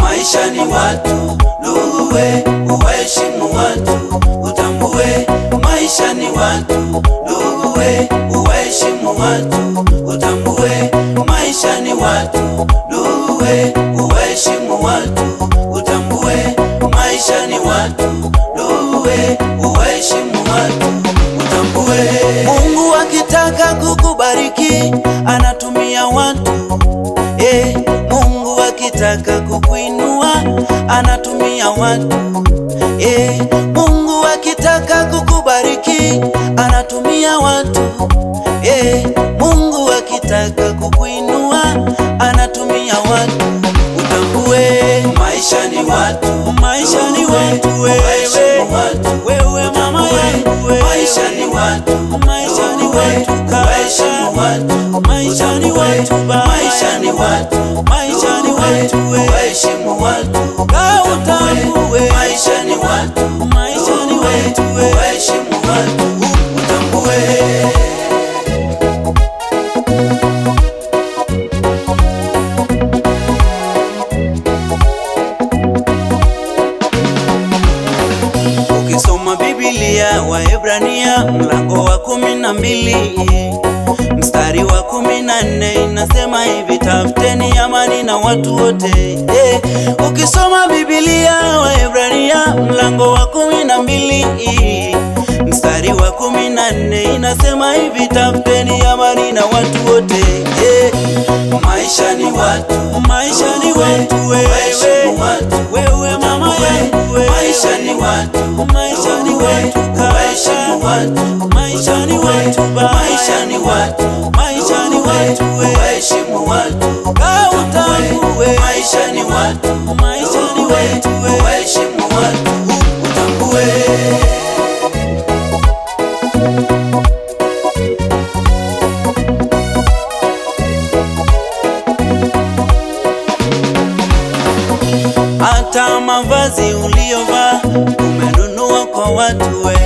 Maisha ni watu, luwe uwaheshimu watu, utambue. Maisha ni watu, luwe uwaheshimu watu, utambue. Maisha watu, luwe anataka kukuinua, anatumia watu eh. Mungu akitaka kukubariki, anatumia watu watu, maisha ni watu, maisha ni watu, maisha ni watu, maisha ni watu, maisha ni watu, waheshimu watu Biblia, wa Waebrania mlango wa kumi na mbili mstari wa kumi na nne inasema hivi, tafuteni amani na watu wote. Eh, ukisoma Biblia wa Waebrania mlango wa kumi na mbili mstari wa kumi na nne inasema hivi, tafuteni amani na watu wote. Eh, maisha ni watu, maisha ni watu, wewe wewe mama yangu, maisha ni watu maisha ni watu maisha ni watu maisha ni watu maisha ni watu waheshimu watu kama utambue maisha ni watu maisha ni watu waheshimu watu utambue hata mavazi uliovaa watu we,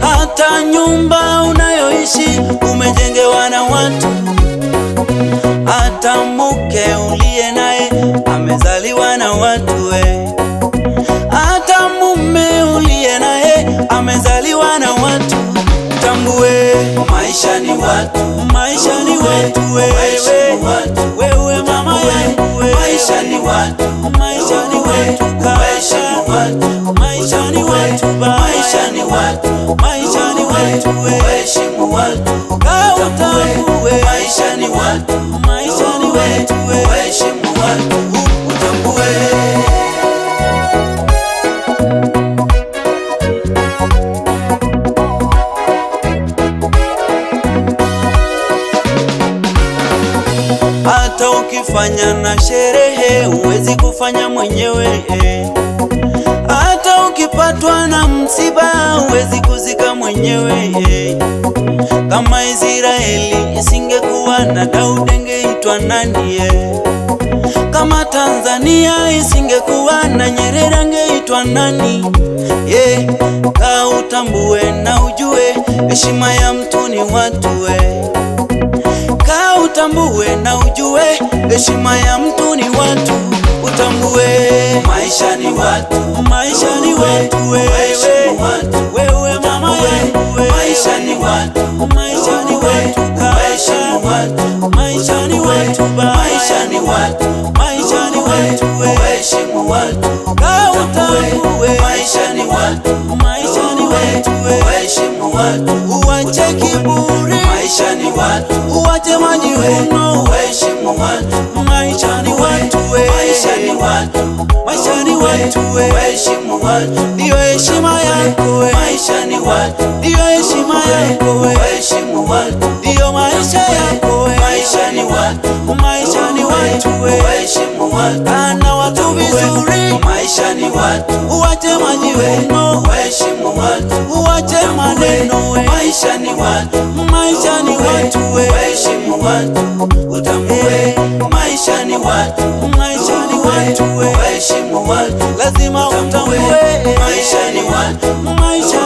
hata nyumba unayoishi umejengewa na watu, hata mke uliye naye amezaliwa na watu we, hata mume uliye naye amezaliwa na watu. Tambue maisha ni watu, maisha ni watu wewe waheshimu watu, utambue maisha ni watu, waheshimu watu, utambue Hata ukifanya na sherehe, uwezi kufanya mwenyewe eh ukipatwa na msiba huwezi kuzika mwenyewe. Kama Israeli isingekuwa na Daudi angeitwa nani? Kama Tanzania isingekuwa na Nyerere angeitwa nani? Yeah, ka utambue na ujue heshima ya mtu ni watu we. Ka utambue na ujue heshima ya mtu ni watu utambue maisha ni watu, maisha ni watu, wewe wewe mama wewe, maisha ni watu, maisha ni watu, maisha ni watu, maisha ni watu, maisha ni watu, maisha ni watu, waheshimu watu, utambue maisha ni watu, maisha ni watu, waheshimu watu, uwache kiburi, maisha ni watu, uwache majivuno, waheshimu watu maisha ni watu, waheshimu watu, ndio heshima yako we. Maisha ni watu, ndio heshima yako we. Waheshimu watu, ndio maisha yako we. Maisha ni watu, maisha ni watu we. Waheshimu watu, ana watu vizuri. Maisha ni watu, uwache majivuno. Waheshimu watu, uwache maneno we. Maisha ni watu, maisha ni watu waheshimu watu, lazima utambue maisha ni watu, maisha